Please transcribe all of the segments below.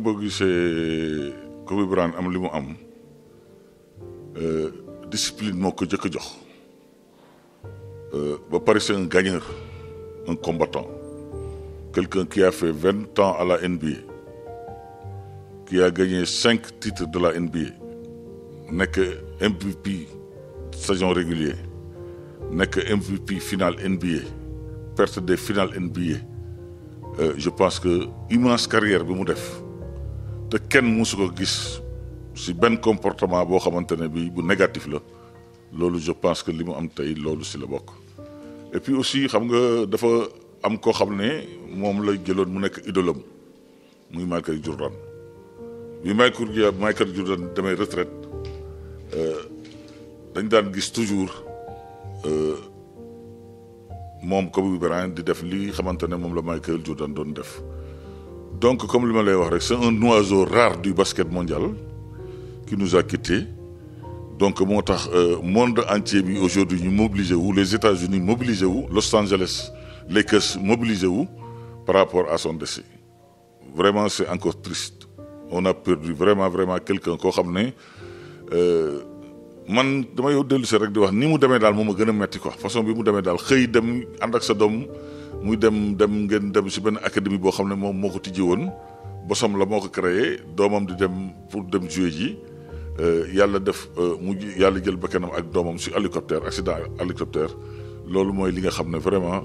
nag boo gisee am euh, discipline moo ko euh, ba c'est un gagnant, un combattant quelqu'un qui a fait 20 ans à la NBA qui a gagné 5 titres de la NBA n'est que MVP saison régulier que MVP finale NBA perte des finales NBA euh, je pense que immense carrière bi te kenn mësu ko gis si benn comportement boo xamante ne bii bu négatif la loolu je pence que li mu am tey loolu si la bokk et puis aussi xam nga dafa am koo xam ne moom la jëloon mu nekk idolam muy Michael Jordan bi Michael Michael Jordan demee retraite euh, dañ daan gis toujours euh, moom Kobe Bryant di def lii xamante ne moom la Michael Jordan doon def donc comme le ma dit, wax c'est un oiseau rare du basket mondial qui nous a quittés donc le euh, monde entier aujourd'hui mobilisez mobilisé les États-Unis mobilisez-vous. Los Angeles Lakers mobilisez-vous par rapport à son décès vraiment c'est encore triste on a perdu vraiment vraiment quelqu'un koo xam ne euh, man damay delu si rek di wax ni mu demee daal moom ma gën a metti quoi façon bi mu demee daal xëy dem ànd ak sa doom muy dem dem ngeen dem si benn académie boo xam ne moom moo ko tijji woon bosom la moo ko créé doomam di dem pour dem jouer ji euh, yàlla def euh, mu yàlla jël ba bakkanam ak doomam si hélicoptère accident hélicoptère loolu mooy li nga xam ne vraiment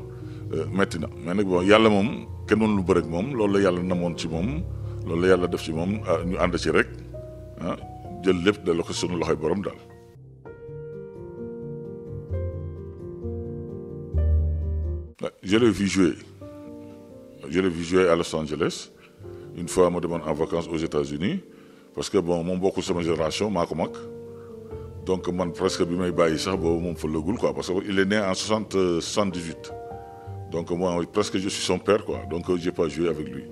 euh, metti na mais nag bon yàlla moom kenn mënul bëre ak moom loolu la yàlla namoon ci moom loolu la yàlla def si moom ah, ñu ànd si rek ah jël lépp delloo ko sunu loxoy borom daal. Je l'ai vu jouer. Je l'ai vu jouer à Los Angeles. Une fois, on me demande en vacances aux États-Unis. Parce que bon, mon beaucoup de ma génération, Makomak. Donc, man, presque, bimay bayi ça, bon, mon le quoi. Parce qu'il est né en 60, 78. Euh, Donc, moi, presque, je suis son père, quoi. Donc, euh, j'ai pas joué avec lui.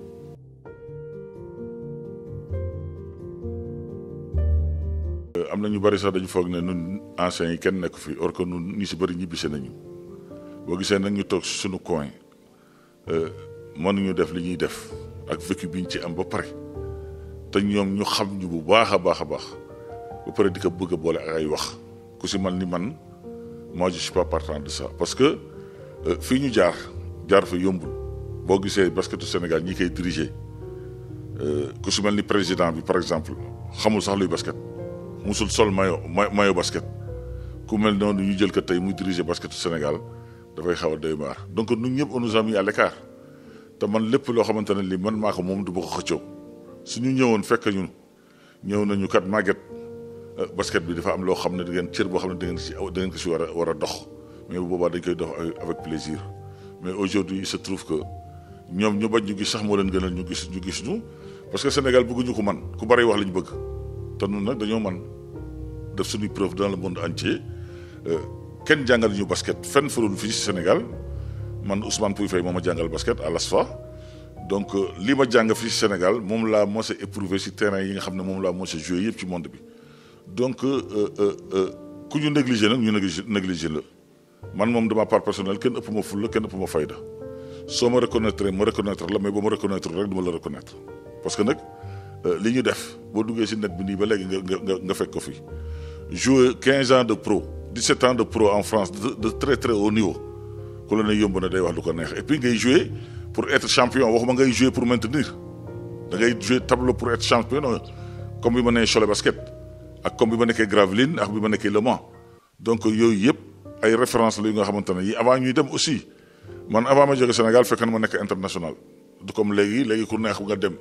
Euh, am ñu bari sax dañu foog ne ñun anciens yi kenn nekk fi or que ñun ñi si bëri ñibbise nañu boo gisee nag ñu toog suñu coin euh, mënuñu def li ñuy def ak vécu bi ci am ba pare te ñoom ñu xam ñu bu baax a baax a baax ba di bëgg a boole ak ay wax ku si man ni man moi je suis pas partant de ça parce que euh, fii ñu jaar jaar fa yombul boo gisee basketu Sénégal ñi koy diriger euh, ku si mel ni président bi par exemple xamul sax luy basket musul sol mayo mayo basket ku mel noonu ñu jël ko tey muy diriger basketu Sénégal dafay xaw a doy donc ñun ñëpp on nous a mis te man lépp loo xamante ne lii man maa ko moom du ma ko xëccoo suñu ñëwoon fekk ñu ñëw nañu kat màgget euh, basket bi dafa am loo xam ne da ngeen cër boo xam ne da ngeen si da ngeen si war war a dox mais bu boobaa dañ koy dox avec plaisir mais aujourd'hui il se trouve que ñoom ñu bañ ñu gis sax moo leen gënal ñu gis ñu gis ñu parce que Sénégal bëgguñu ko man ku bari wax la ñu bëgg te nun nag dañoo man def suñuy preuve dans le monde entier euh, kenn jàngal ñu basket fenn farul fii ci Sénégal man Ousmane Pouy Faye moo ma jàngal basket à l'ASFA donc euh, li ma jàng fii ci Sénégal moom laa mos a éprouvé ci terrain yi nga xam ne moom laa mos a joué yëpp ci monde bi donc euh, euh, ku ñu négligé nag ñu négligé négligé la man moom de ma part personnelle kenn ëpp ma fulla kenn ëpp ma fayda soo ma reconnaître ma reconnaître la mais ba ma reconnaître rek du ma la reconnaître parce que nag li ñu def boo duggee ci net bi nii ba léegi nga nga nga fekk ko fi jouer 15 de pro. 17 ans de pro en France de, de très très haut niveau ku la ne yomb na day wax lu ko et puis ngay jouer pour être champion il ngay jouer pour maintenir da ngay jouer tableau pour être champion euh, comme bi ma sur le basket comme bi ma nekkee Gravelines ak bi ma nekkee Le Mans donc euh, yooyu yëpp ay référence la yu nga xamante ne avant ñuy dem aussi man avant ma au Sénégal fekk na ma nekk international comme léegi léegi ku neex nga dem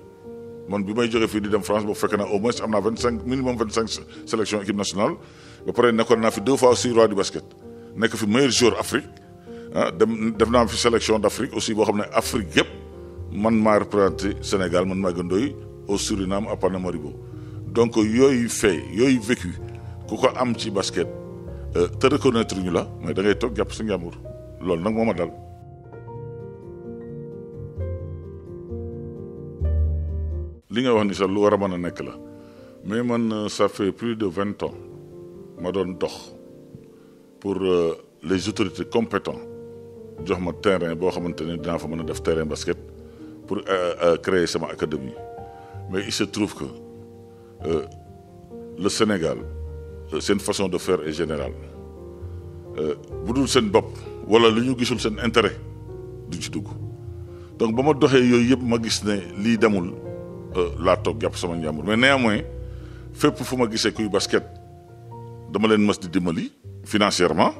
man bi may jóge en di dem France boobu fekk na au moins 25, minimum 25 cinq sélection équipe nationale ba pare nekkoon deux fois aussi roi du basket nekk fi meilleur joueur d'Afrique. Ah, dem def sélection d'Afrique, aussi boo Afrique man Sénégal man maa au Suriname à Paramaribo donc yooyu fait yooyu vécu ku ko am basket euh, te reconnaître ñu la mais da ngay toog jàpp sa dal. li nga wax ni mais ça fait plus de 20 ans ma doon dox pour euh, les autorités compétentes jox ma terrain bo xamante ne fa mëna def terrain basket pour euh, euh, créer sama académie mais il se trouve que le Sénégal c'est une façon de faire est générale euh budul sen bop wala lu ñu gisul sen intérêt du ci dugg donc bama doxé doxee yooyu yëpp ma gis ne lii demul laa toog sama njàmbur mais néanmoins fepp fuma ma kuy basket. dama leen mas di dimbali financièrement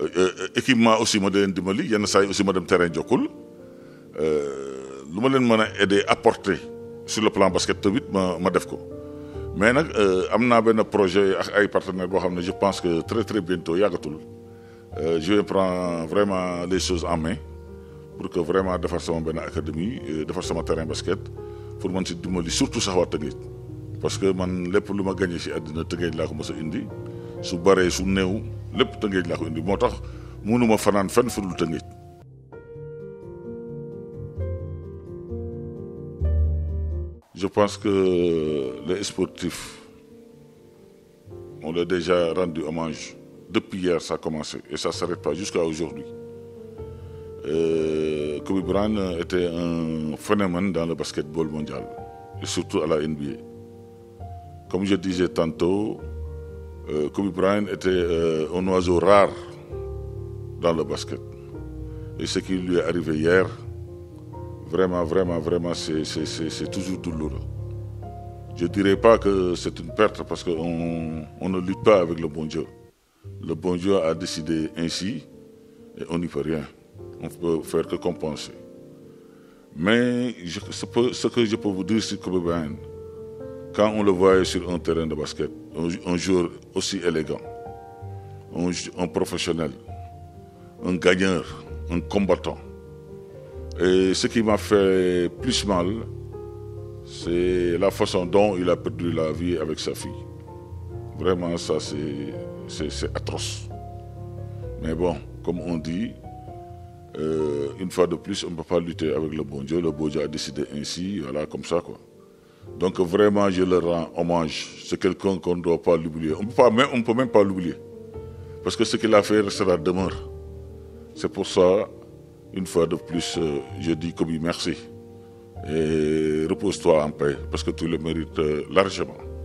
euh, euh équipement aussi ma di leen dimbali yenn saa yi aussi ma dem terrain jokkul euh, lu ma leen mën a aider apporter sur le plan basket tamit ma ma def ko mais nag euh, am naa benn projet ak ay partenaires boo xam ne je pense que très très bientôt yàggatul je vais prendre vraiment les choses en main pour que vraiment defar sama benn académie defar sama terrain basket pour mën si dimbali surtout sax waa Tëngéej parce que man lépp lu ma gagné si àddina Tëngéej laa ko mos a indi su su dul je pense que les sportifs on déjà rendu hommage depuis hier ça a commencé et ça ne s'arrête pas jusqu'à aujourd'hui euh, Kobe Bryant était un phénomène dans le basketball mondial et surtout à la NBA comme je disais tantôt euh, Kobe Bryant était euh, un oiseau rare dans le basket. Et ce qui lui est arrivé hier, vraiment, vraiment, vraiment, c'est toujours douloureux. Je ne dirais pas que c'est une perte parce qu'on on ne lutte pas avec le bon Dieu. Le bon Dieu a décidé ainsi et on n'y peut rien. On ne peut faire que compenser. Mais je, ce, que je peux vous dire sur Kobe Bryant, quand on le voit sur un terrain de basket, un joueur aussi élégant, un, professionnel, un gagnant, un combattant. Et ce qui m'a fait plus mal, c'est la façon dont il a perdu la vie avec sa fille. Vraiment, ça, c'est atroce. Mais bon, comme on dit, euh, une fois de plus, on ne peut pas lutter avec le bon Dieu. Le bon Dieu a décidé ainsi, voilà, comme ça, quoi. Donc vraiment, je le rends hommage. C'est quelqu'un qu'on ne doit pas l'oublier. On ne peut même pas l'oublier. Parce que ce qu'il a fait la demeure. C'est pour ça, une fois de plus, euh, je dis Kobe merci. Et repose-toi en paix, parce que tu le mérites euh, largement.